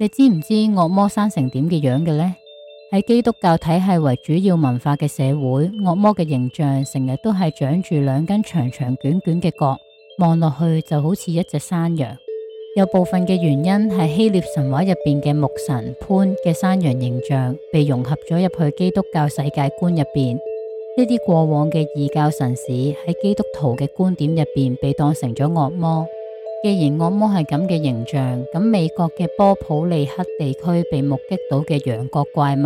你知唔知惡魔生成點嘅樣嘅呢？喺基督教體系為主要文化嘅社會，惡魔嘅形象成日都係長住兩根長長捲捲嘅角，望落去就好似一隻山羊。有部分嘅原因係希臘神話入邊嘅牧神潘嘅山羊形象被融合咗入去基督教世界觀入邊，呢啲過往嘅異教神祇喺基督徒嘅觀點入邊被當成咗惡魔。既然惡魔係咁嘅形象，咁美國嘅波普利克地區被目擊到嘅羊角怪物，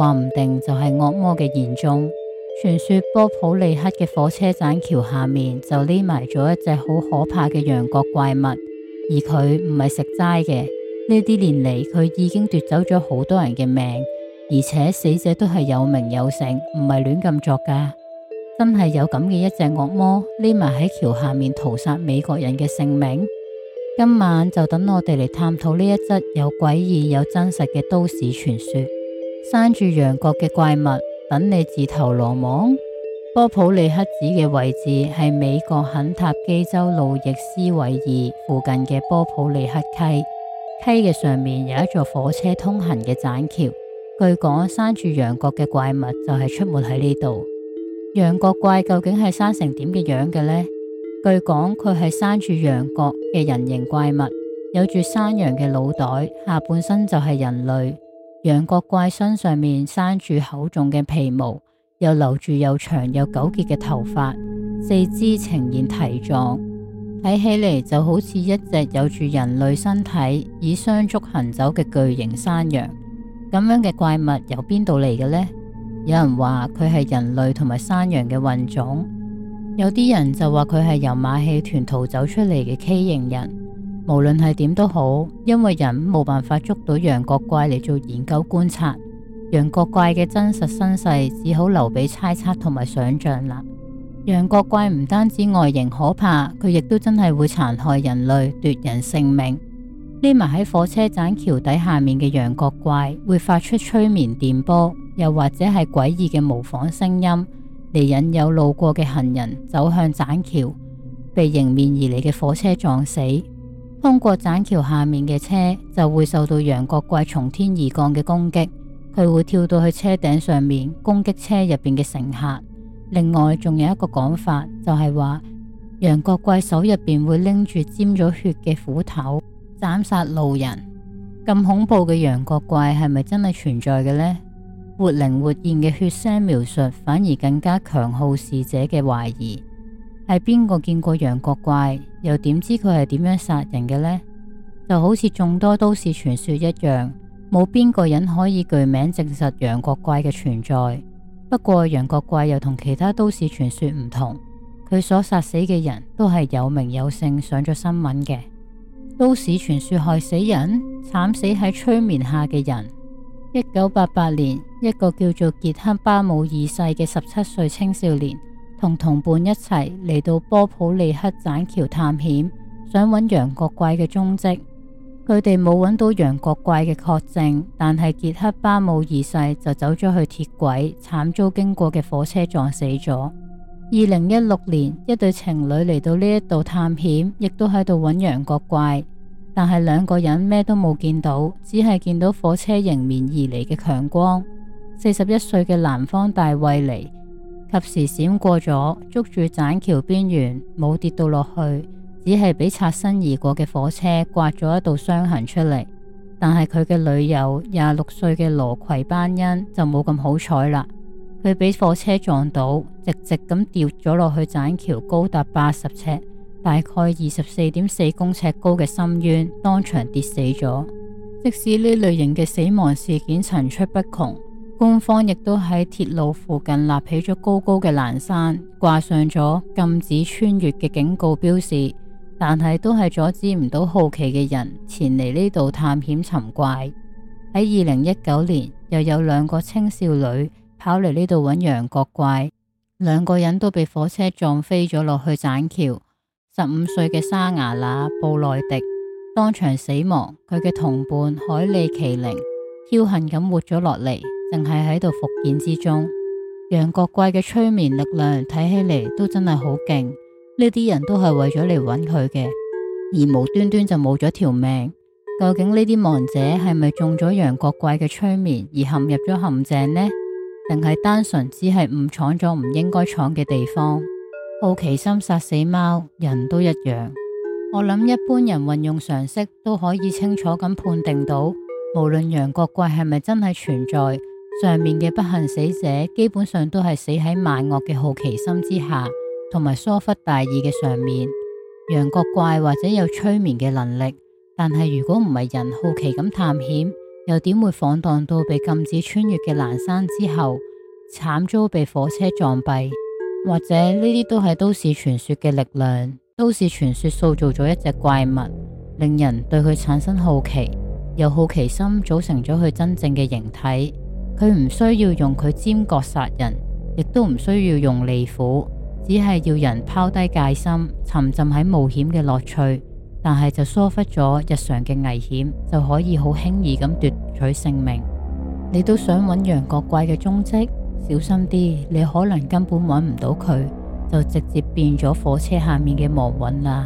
話唔定就係惡魔嘅現蹤。傳說波普利克嘅火車站橋下面就匿埋咗一隻好可怕嘅羊角怪物，而佢唔係食齋嘅。呢啲年嚟佢已經奪走咗好多人嘅命，而且死者都係有名有姓，唔係亂咁作㗎。真係有咁嘅一隻惡魔匿埋喺橋下面屠殺美國人嘅性命。今晚就等我哋嚟探討呢一則有詭異有真實嘅都市傳說。山住羊角嘅怪物，等你自投羅網。波普利克子嘅位置係美國肯塔基州路易斯維爾附近嘅波普利克溪，溪嘅上面有一座火車通行嘅棧橋。據講，山住羊角嘅怪物就係出沒喺呢度。羊角怪究竟係生成點嘅樣嘅呢？據講佢係生住羊角嘅人形怪物，有住山羊嘅腦袋，下半身就係人類。羊角怪身上面生住厚重嘅皮毛，又留住又長又糾結嘅頭髮，四肢呈現蹄狀，睇起嚟就好似一隻有住人類身體以雙足行走嘅巨型山羊。咁樣嘅怪物由邊度嚟嘅呢？有人話佢係人類同埋山羊嘅混種，有啲人就話佢係由馬戲團逃走出嚟嘅畸形人。無論係點都好，因為人冇辦法捉到羊角怪嚟做研究觀察，羊角怪嘅真實身世只好留俾猜測同埋想象啦。羊角怪唔單止外形可怕，佢亦都真係會殘害人類，奪人性命。匿埋喺火車站橋底下面嘅羊角怪會發出催眠電波。又或者係詭異嘅模仿聲音嚟，引誘路過嘅行人走向棧橋，被迎面而嚟嘅火車撞死。通過棧橋下面嘅車就會受到羊角怪從天而降嘅攻擊，佢會跳到去車頂上面攻擊車入邊嘅乘客。另外仲有一個講法就係話羊角怪手入邊會拎住沾咗血嘅斧頭斬殺路人。咁恐怖嘅羊角怪係咪真係存在嘅呢？活靈活現嘅血腥描述，反而更加強好事者嘅懷疑。係邊個見過羊角怪？又點知佢係點樣殺人嘅呢？就好似眾多都市傳說一樣，冇邊個人可以具名證實羊角怪嘅存在。不過，羊角怪又同其他都市傳說唔同，佢所殺死嘅人都係有名有姓上了、上咗新聞嘅。都市傳說害死人，慘死喺催眠下嘅人。一九八八年，一個叫做傑克巴姆二世嘅十七歲青少年，同同伴一齊嚟到波普利克棧橋探險，想搵羊角怪嘅蹤跡。佢哋冇搵到羊角怪嘅確證，但係傑克巴姆二世就走咗去鐵軌，慘遭經過嘅火車撞死咗。二零一六年，一對情侶嚟到呢一度探險，亦都喺度搵羊角怪。但係兩個人咩都冇見到，只係見到火車迎面而嚟嘅強光。四十一歲嘅男方大衛尼及時閃過咗，捉住棧橋邊緣，冇跌到落去，只係俾擦身而過嘅火車颳咗一道傷痕出嚟。但係佢嘅女友廿六歲嘅羅葵班恩就冇咁好彩啦，佢俾火車撞到，直直咁掉咗落去棧橋，高達八十尺。大概二十四點四公尺高嘅深淵，當場跌死咗。即使呢類型嘅死亡事件層出不窮，官方亦都喺鐵路附近立起咗高高嘅欄柵，掛上咗禁止穿越嘅警告標示，但係都係阻止唔到好奇嘅人前嚟呢度探險尋怪。喺二零一九年，又有兩個青少女跑嚟呢度搵羊角怪，兩個人都被火車撞飛咗落去棧橋。十五歲嘅沙牙那布內迪當場死亡，佢嘅同伴海利麒麟僥幸咁活咗落嚟，淨係喺度復健之中。羊角怪嘅催眠力量睇起嚟都真係好勁，呢啲人都係為咗嚟揾佢嘅，而無端端就冇咗條命。究竟呢啲亡者係咪中咗羊角怪嘅催眠而陷入咗陷阱呢？定係單純只係誤闖咗唔應該闖嘅地方？好奇心殺死貓，人都一樣。我諗一般人運用常識都可以清楚咁判定到，無論羊角怪係咪真係存在，上面嘅不幸死者基本上都係死喺萬惡嘅好奇心之下，同埋疏忽大意嘅上面。羊角怪或者有催眠嘅能力，但係如果唔係人好奇咁探險，又點會晃蕩到被禁止穿越嘅欄山之後，慘遭被火車撞斃？或者呢啲都係都市傳說嘅力量，都市傳說塑造咗一隻怪物，令人對佢產生好奇，由好奇心組成咗佢真正嘅形體。佢唔需要用佢尖角殺人，亦都唔需要用利斧，只係要人拋低戒心，沉浸喺冒險嘅樂趣，但係就疏忽咗日常嘅危險，就可以好輕易咁奪取性命。你都想揾羊角怪嘅蹤跡？小心啲，你可能根本搵唔到佢，就直接變咗火車下面嘅亡魂啦。